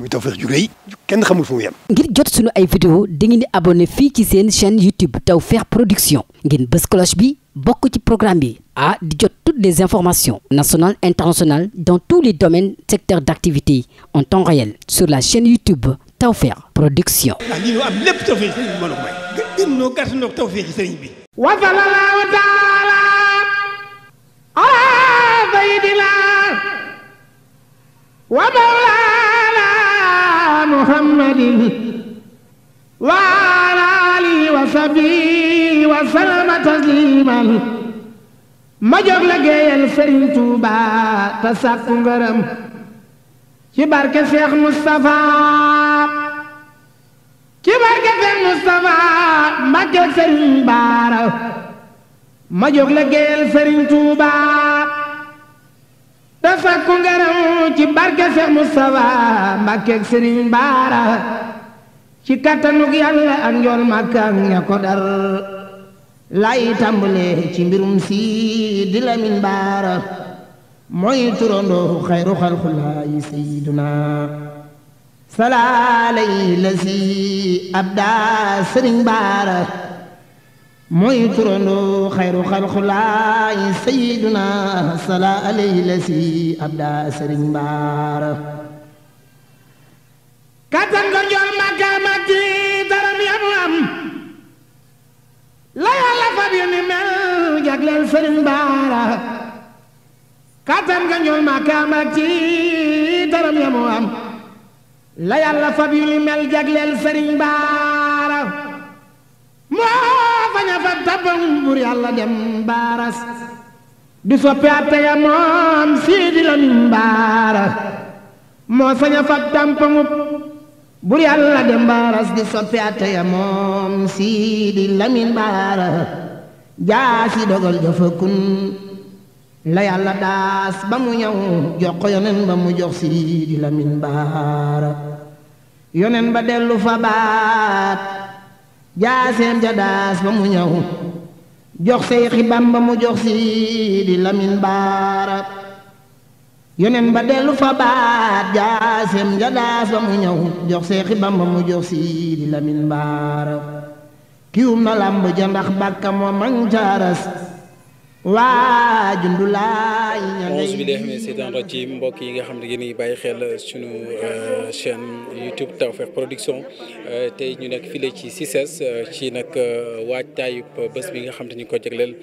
muy Tawfekh ju rëy ngir jot sunu ay vidéo dangeen di abonné fii ci seen chaîne YouTube Tawfekh Production ngeen bës cloche bi bokk ci programme bi ah di jot toutes les informations nationales internationales dans tous les domaines secteurs d'activité en temps réel sur la chaîne YouTube Tawfekh Production. ah lii ñu am lépp Tawfekh sëriñ bi mën a bi. wasalaamu taala ala sayyidina wa محمد وعلى آله وصحبه وسلم تسليما ma jóg la géeyal sëriñ Tuuba te sàkku ngërëm ci barke Cheikh Moustapha ci barke Cheikh Moustapha Mbàkke sëriñ Baara ma jóg la géeyal sëriñ Tuuba te sàkku ci barke Seex Mustafa Mbàkke Sëriñ Baara ci kattanug Yàlla ak njool Màkka ña ko lay tàmbalee ci mbirum Sidi Lamin Baara mooy turandoo xayru xalqulaahi sayyiduna salaale yi la si abda sëriñ baara mooy turandoo xayru xalxulaay sayiduna sala alayhi la si abda sëriñ mbaara kattan ko jool màkkaamati daram la yàlla fab yu ni bañ a fa tappam bur yàlla dem baaras di soppi atte ya moom Siidi Lamin Baara moo sañ a fa tampamub bur dem baaras di soppi atte ya moom Siidi Lamin Baara jaasi dogal dafa kun la yàlla daas ba mu ñëw jox ko yonen ba mu jox Siidi Lamin Baara yonen ba dellu fa baat jaaseem ja daas ba mu ñëw jox Seyxi Bamba mu jox Sidi Lamin Baara yonen ba dellu fa baat jaaseem ja daas ba mu ñëw jox Seyxi Bamba mu jox Sidi Lamin Baara kiwum na làmb ja ndax bàkka moo man caaras onze bi dex ne seetaan rajim mbokk yi nga xam ne yéen a ngi bàyyi xel sunu euh, chaîne YouTube Tawfekh Production euh, tey ñu nekk file ci CICES e euh, ci nag waajtaayub bés bi nga xam te ñu ko jagleel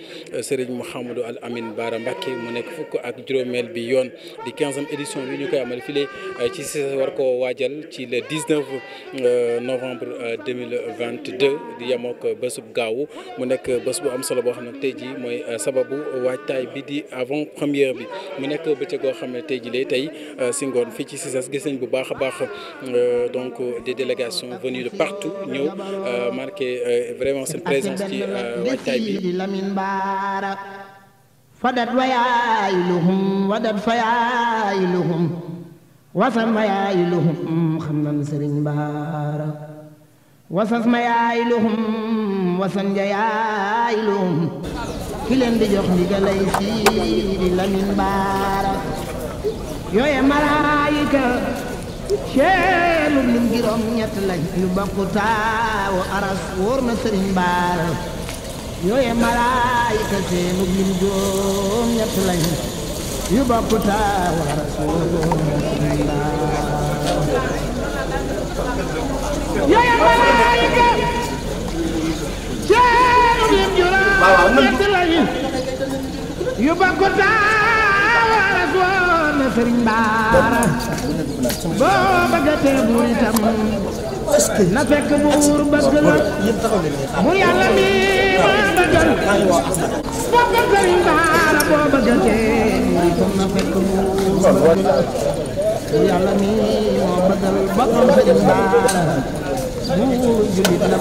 Serigne Mouhamadou Al Amin Bara Mbacké mu nekk fukk ak juróomeel bi yoon di quinzième édition bi ñu koy amal file ci CICES e war ko waajal ci le 19 novembre 2022 di yemook bésub gaaw mu nekk bés bu am solo boo xam ne tey ji mooy sabab boobu waajtaay bi di avant première bi mu nekk bëccëg goo xam ne tey jii tey euh, si ngoon fii ci CICES gis nañ bu baax a baax euh, donc des délégations venues de partout ñëw euh, marqué vraiment seen présence ci waajtaay bi. fadat wayaayiluhum wadat fayaayiluhum wasam wayaayiluhum xam nan sëriñ baara wasas mayaayiluhum wasan jayaayiluhum ki di jox ndigalay Sidi Lamine Baara yooye malaayika ceelub lim juróom ñett lañ yu bokku taawu aras wóor na sëriñ Baara yooye malaayika seenub lim juróom ñett lañ yu bokku taawu aras wóor na sëriñ Baara yooye malaayika ceelub lim juróom ñett lañ yu bakku taawaras woon na sëriñ baara boo bëggatee buur itam na fekk buur bëgg la buur yàlla mi maa bëggal bëgg sëriñ baara boo bëggatee buur itam na fekk buur baara bu jullit la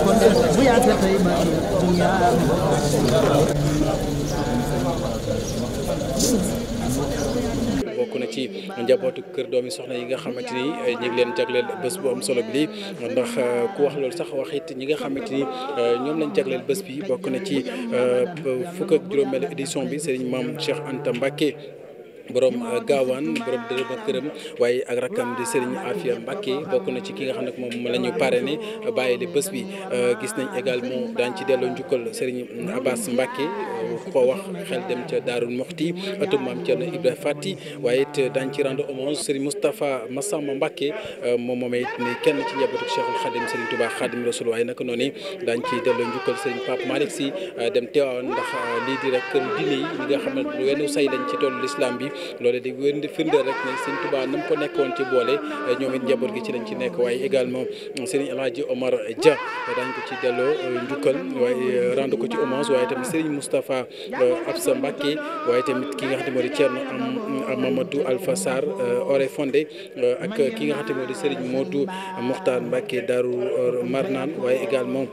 ci njabootu kër doomi soxna yi nga xamante ni eh, ñi leen jagleel bés bu am solo bi lii ndax eh, ku wax loolu sax wax it ñi nga xamante ni eh, ñoom lañ jagleel bés bi bokk na ci fukk juróom juróomeelu édition bi Serigne Maam Cheikh Anta Mbacké borom euh, gaawaan borom dërëm ak këram waaye ak rakkam di Serigne Afia Mbacke bokk na ci ki nga xam ne moom la ñu parrainé bàyyi di bés bi euh, gis nañ également daañ ci delloo njukkal Serigne Abbas Mbacke euh, ko wax dem ca Daarul Moxti ëttu maam Thierno Ibrahima Fati waaye it daañ ci rendre hommage Serigne Moustapha Massamba Mbacke moom moom it ni kenn ci njabootu Cheikhul Khadim Serigne Touba Khadim Rasoul waaye naka noonu daañ ci delloo njukkal Serigne Pape Malick Sy dem teewaan ndax lii di rek kër diine yi ñi nga xam ne wenn say lañ ci tollu l'islam bi loolu di wér firndeel rek ne sëñ Touba nam ko nekkoon ci boole ñoom it njaboot gi ci lañ ci nekk waaye également sëriñ El Hadji Omar Dia daañ ko ci delloo euh, njukkal waaye euh, rendre ko ci hommage waaye tamit sëriñ Moustapha euh, Absa Mbacké waaye tamit ki nga xam ne moo di Thierno Mamadou Alpha Sarr Ore Fondé ak ki nga xam ne moo di sëriñ Modou Mokhtar Mbacké Darou Marnane waaye également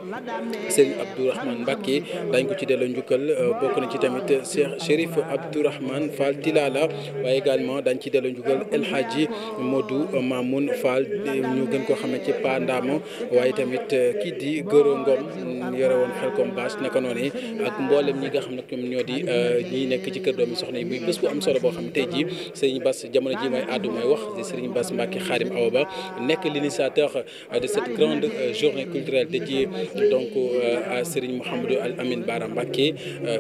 sëriñ Abdourahmane Mbacké daañ ko ci delloo njukkal bokk na ci tamit Cheikh Chérif Abdourahmane Fall Tilala waaye également dañ ci delloo njugal El Hadji Modou Mamoun Fall ñu gën koo xamee ci Pa Ndamo waaye tamit eh, kii di Goro Ngom mm, yore woon xel comme bâche naka noonu ak mboolem ñi nga xam ne ñoom ñoo di eh, ñi nekk ci kër doomi soxna yi muy bés bu am solo boo xam tey jii Serigne Bass jamono ji may àddu mooy wax di Serigne Bass Mbacké Khadim Awa Ba nekk l'initiateur eh, de cette grande journée culturelle dédiée donc à Serigne Mouhamadou Al Amin Bara Mbacké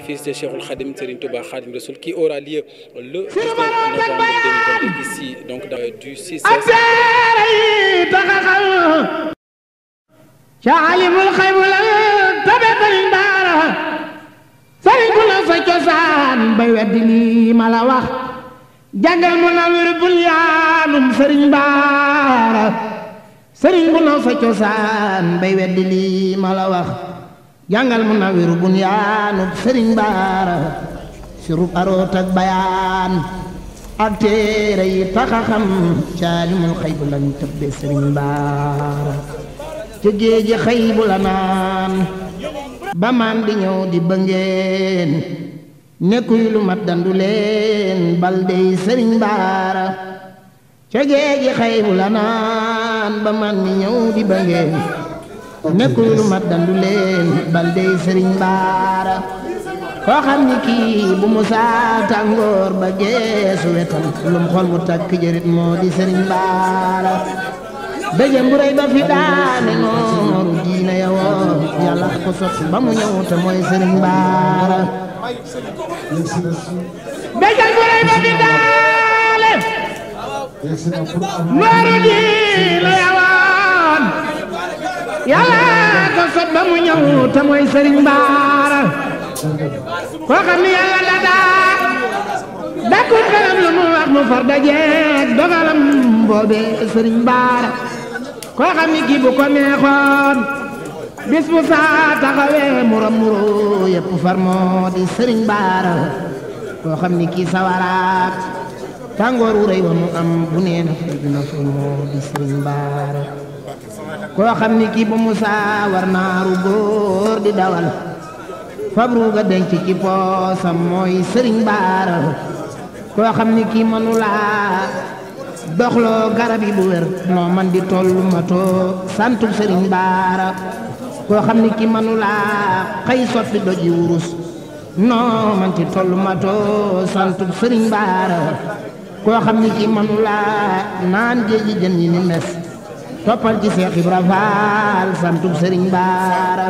fils de Cheikhoul Khadim Serigne Touba Khadim Rasoul qui aura lieu le Biramaroon ak Bayaan ca alimul xaybu tabe sëriñ daara sëriñ ku la cosaan bay weddi weddi lii ma wax jàngal mu na wér bul yaanum surub aroot ak bayaan ak téere yi taxa xam caalimul xëy bu lañ sëriñ baara ca géeji xëy bu la naan ba di ñëw di bëngeen nekkuy lu mat dandu leen bal sëriñ baara ca géeji xëy bu la di ñëw di bëngeen nekkuy lu mat dandu leen bal sëriñ baara koo xam ni kii bu musaa tàngoor ba geesu wetam lum xol mu takk jërit moo di sëriñ baara dëjëm bu rëy ba fi daane nooru diina ya woon ko sot ba mu ñëw te mooy sëriñ koo xam ni yàlla la daa dàkkul lu mu wax mu far dajeeg dogalam boobee sëriñ baara koo xam ni kii bu bis bu taxawee muro muro yëpp far moo di sëriñ baara koo xam ni kii sawaraat tàngoor wu wa mu am bu nee na fay moo di sëriñ baara koo xam ni kii bu musaa war naaru góor di dawal fabru ga denc ci sa mooy sëriñ baara koo xam ni kii manulaa doxloo garab yi bu wér noo man di tollu matoo santu sëriñ baara koo xam ni kii manulaa xëy soppi doji wurus noo man di tollu matoo santu sëriñ baara koo xam ni kii manulaa naan géeji jën yi ni mes toppal ci Seex Ibra Faal santu sëriñ baara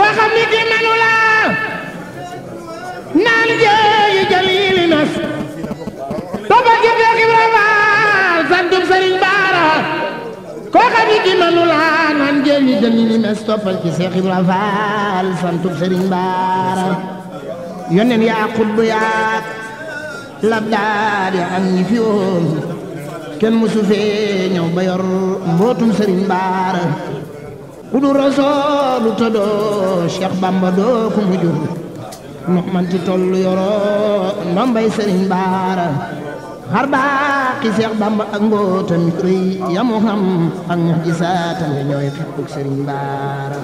koo xam ne kii naan jëyi jalili nas toba gi Seex Ibra Faal santub Sëriñ Baara koo xam ne kii naan jëyi jalili nas toppal ci Seex Ibra Faal santub Sëriñ Baara yónneen yaa xutbu yaa labdaadi ak ñi fi woon kenn musu fee ñëw ba yor mbootum Sëriñ Baara ku du rasoolu te doo Cheikh Bamba doo ko mujj nu manti toll yoroo ndombay sëriñ baara xar baaxi Cheikh Bamba ak mbootam rëy yamu xam ak ñax ji ya ñooy xeppuk sëriñ baara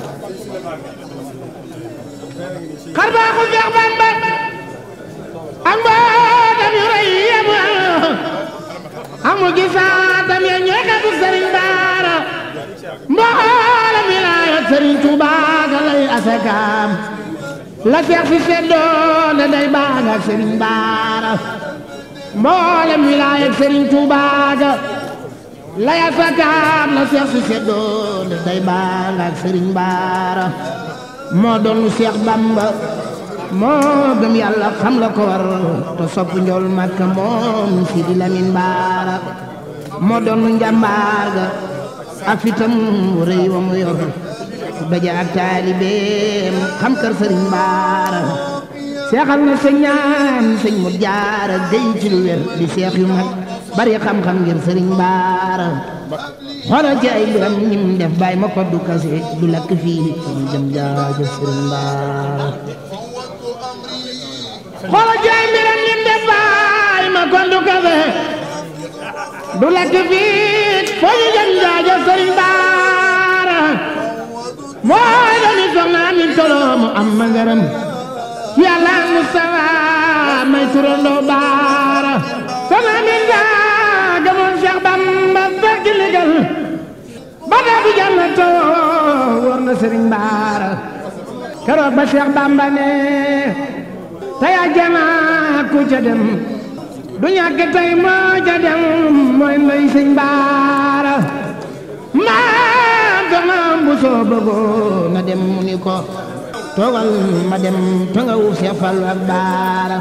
mboolam wilaayat Sëriñ Tuubaa ga asakaam la seex si seddoo day baaga Sëriñ Baara mboolam wilaayat Sëriñ Tuubaa lay asakaam la seex si seddoo day baaga Sëriñ Baara moo doon Seex Bamba moo gëm yàlla xam la ko te sopp njool Makka moom Sidi Lamin Baara moo doon njàmbaar ak fitam wu rëy wa mu yor baja ak taalibeem xam kër sëriñ baara seexal na sa ñaan sëñ dey ci lu wér seex yu mag bari xam-xam ngir sëriñ baara xoolal ci ay mbiram ñim def bàyyi ma ko du kase du lakk fii jëm jaajëf sëriñ baara xoolal ci ay mbiram ñim def bàyyi ma ko du kase du lekk fiit fo ñu sëriñ baara mooy dooni soxna amin toloo mu am ma ngërëm yàlla mu sawa may turandoo baara soxna amin daa gëmoon Cheikh Bamba fekk ligal ba daa bu jannatoo na sëriñ baara keroog ba Cheikh Bamba ne tey ajjana ku dem du ñàkk tey ca dem mooy lay sëñ baara maa doonam bu soo bëggoo nga dem mu ni toogal ma dem te nga wuuf Seex Fallu baara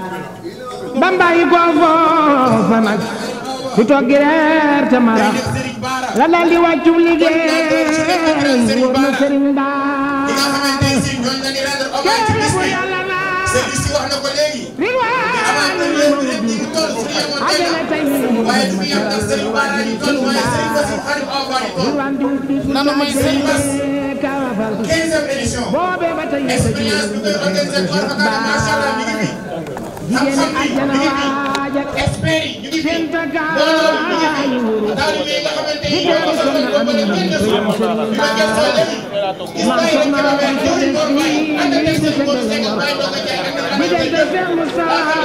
bamba yi ko foofa nag toog gi te marax la daal di wàccu liggéey wóor na baara kër bu yàlla naa sëriñ waaye du ñu yem ndax Serigne Bara ñu toll waaye Serigne Bassirou Khadim Awa Ba ñu toll. nanu may Serigne Bass 15e édition. expérience bi koy organisé Kora Bakar macha allah mi ngi fi. xam-xam bi mi ngi fi. experts yi ñu ngi fi. mbooloo mi ngi fi. daal bi nga xamante ni ñoo ko soxla ñoo ko def kenn desul. bi ma gëstoo lépp. gis nga yéen képp ku mel ni Diouf Mor Mbaye ànd ak Serigne Modou Seck Mbaye Ndonga Ndiaye ànd ak Adama Ndiaye.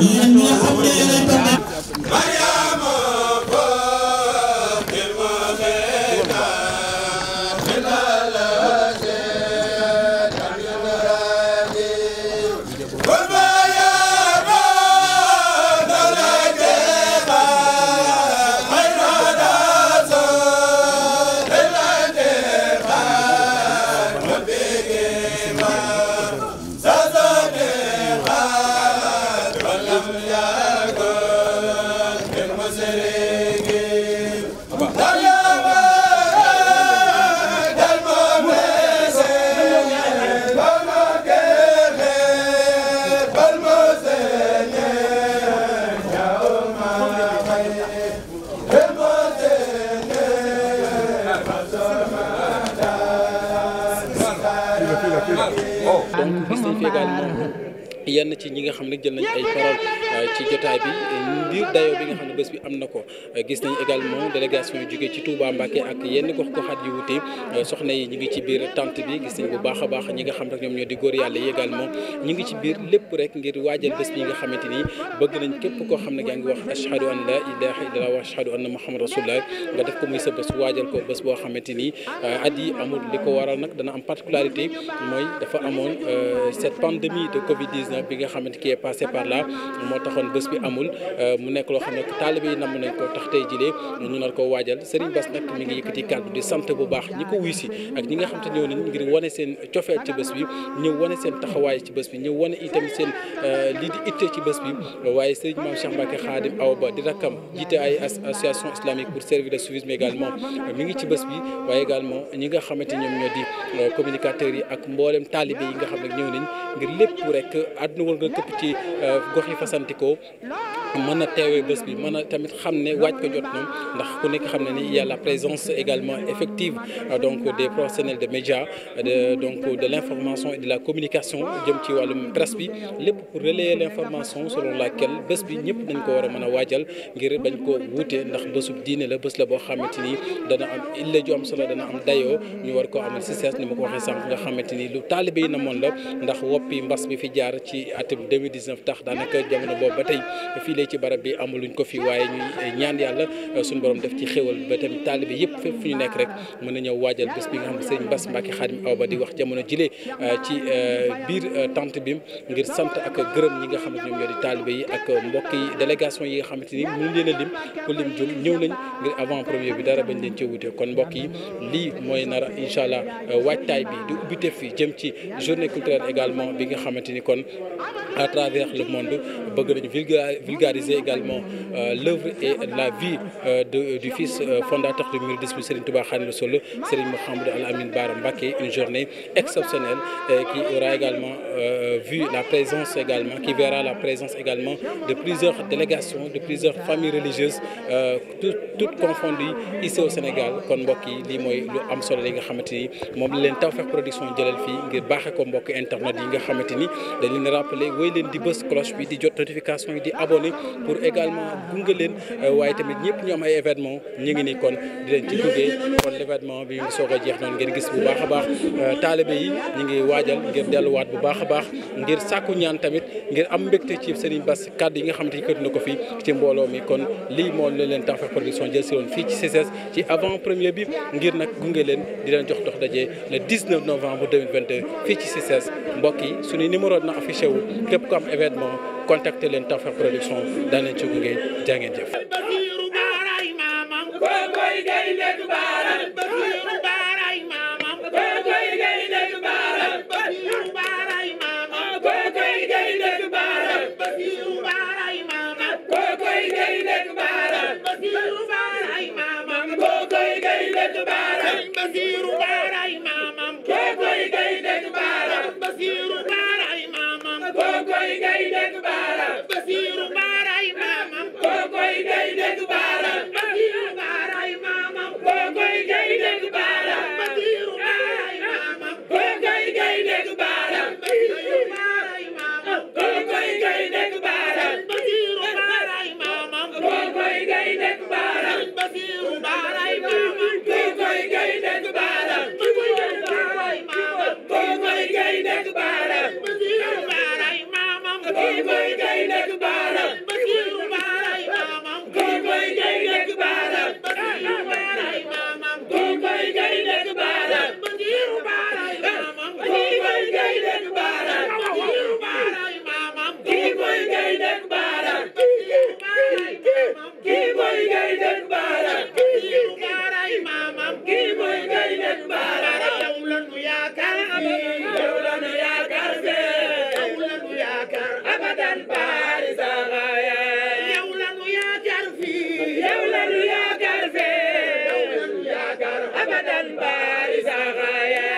yéen ñi nga xam ne yéen yenn ci ñi nga xam ne jël nañ ay parole euh, ci jotaay bi mbir dayoo bi nga xam ne bés bi am na ko euh, gis nañ également délégation yu jógee ci Touba Mbacké ak yenn gox goxaat yu wute euh, soxna yi ñi ngi ci biir tente bi gis nañ bu baax a baax ñi nga xam rek ñoom ñoo di góor yàlla yi également ñi ngi ci biir lépp rek ngir waajal bés bi nga xamante ni bëgg nañ képp koo xam ne yaa ngi wax ashhadu an wa ashhadu anna muhammad rasulullah ko muy sa ko bés boo xamante ni at yi amul li ko waral nag dana am particularité mooy dafa amoon cette pandémie de covid 19 nag bi nga xamante qui est par là moo taxoon bés bi amul euh, mu nekk loo xam ne taalibe yi namm nañ ko tax tey jilee ñu nar ko waajal Serigne Bass nag mi ngi yëkkati kàddu di sant bu baax ñi ko wuy si ak ñi nga xam te ñëw nañ ci bés bi ñëw wane seen taxawaay ci bés bi ñëw wane itam seen euh, lii di itte ci bés bi waaye Serigne Mame Cheikh Mbacké Khadim Awa Ba di rakkam jiite ay association islamique pour servir le soufisme également mi ngi ci bés bi waaye également ñi nga xamante ñoom ñoo di euh, communicateurs yi ak mboolem taalibe yi nga xam ne ñëw nañ ngir lépp rek àdduna wër nga këpp ci euh, gox yi fasantikoo mën a teewee bés bi mën na tamit xam ne waaj ko jot na ndax ku nekk xam ne ni il y a la présence également effective euh, donc des professionnels de média de donc de l'information et de la communication jëm ci wàllum presse bi lépp pour relayer l'information selon laquelle bés bi ñëpp dañ ko war a mën a waajal ngir bañ ko wuute ndax bésub diine la bés la boo xamante ni dana am ille ju am solo dana am dayoo ñu war koo amal si sees ni ma ko waxee sànq nga xamante ni lu taalibe na moon la ndax woppi mbas bi fi jaar ci atum 2019 tax daanaka file ci barab bi amuluñ ko fi waaye ñuy ñaan yàlla euh, suñu borom def ci xéwal ba tamit taalibe yëpp fépp fu ñu nekk rek mën na ñëw waajal bés bi nga xam ne sëriñ euh, euh, bi ngir sant ak gërëm ñi nga xam ne ñoom ñoo di mbokk yi délégation yi nga xamante ni mënu leen a lim ku lim jum ñëw nañ ngir avant premier bi dara bañ leen ci wute kon mbokk yi lii mooy nara a incha allah waajtaay bi di ubbite fi jëm ci journée culturelle également bi nga xamante ni kon à travers le monde bëgg nañu vulga vulgariser également euh, l'œuvre et la vie euh, euh, la présence également, qui verra la présence également de plusieurs délégations, de plusieurs familles religieuses, toutes toutes confondues Sénégal kon mbokk yi lii mooy lu am solo li nga xamante moom la leen Tawfekh Production jëlal fii ngir baaxee ko mbokk internet yi nga xamante ni rappeler wéy leen di bës cloche bi di jot notification yi di abonné pour également gunge leen euh, waaye tamit ñëpp ñu am ay événement ñu ngi nii kon di leen ci gunge kon l'événement bi mu soog a jeex noonu ngeen gis bu baax a baax euh, taalibe yi ñu ngi waajal ngir delluwaat bu baax a baax ngir sàkku ñaan tamit ngir am mbégte ci Serigne Bass kàddu yi nga xam ni kër na ko fii ci mbooloo mi kon lii moo leen Tawfekh Production jël si woon fii ci CCS ci avant premier bi ngir nag gunge leen di leen jox dox daje le 19 novembre 2022 fii ci CCS mbokk yi suñu numéro dina affiché wu képp ko am événement contacter leen Tawfekh Production daan leen ci gunge jaa ngeen jëf. Basiru